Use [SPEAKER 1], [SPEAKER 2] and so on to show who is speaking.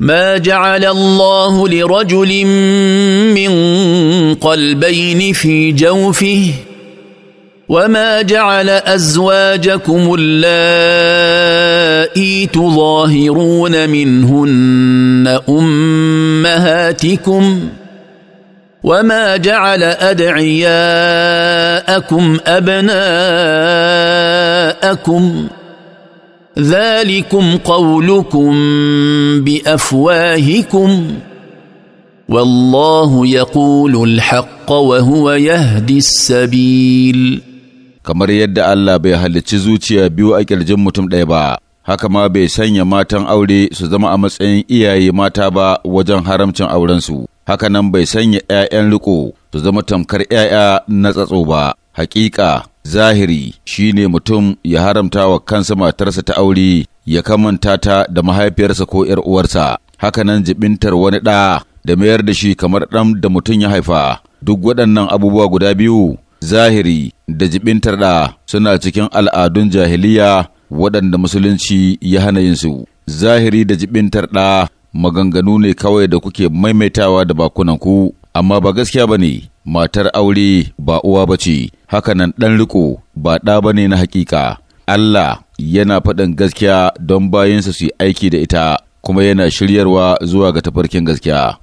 [SPEAKER 1] ما جعل الله لرجل من قلبين في جوفه وما جعل ازواجكم اللائي تظاهرون منهن امهاتكم وما جعل ادعياءكم ابناءكم ذلكم قولكم بافواهكم والله يقول الحق
[SPEAKER 2] وهو يهدي السبيل kamar yadda Allah bai halicci zuciya biyu a ƙirjin mutum ɗaya ba, haka ma bai sanya matan aure su zama a matsayin iyaye mata ba wajen haramcin aurensu, haka nan bai sanya ‘ya'yan riko su zama tamkar ‘ya'ya na tsatso ba, haƙiƙa zahiri shine mutum ya haramta wa kansa matarsa ta aure ya kamanta ta da mahaifiyarsa ko ‘yar uwarsa, hakanan jibintar wani ɗa da mayar da shi kamar ɗan da mutum ya haifa, duk waɗannan abubuwa guda biyu, zahiri da jibintar ɗa suna cikin al'adun jahiliya waɗanda musulunci ya hana yinsu. Zahiri da jibintar ɗa maganganu ne kawai da kuke maimaitawa da bakunanku, amma ba gaskiya ba ne. matar aure ba uwa ba ce, hakanan ɗan riko ba ɗa ba ne na hakika. Allah yana faɗin gaskiya don bayansa su yi aiki da ita, kuma yana shiryarwa zuwa ga tafarkin gaskiya.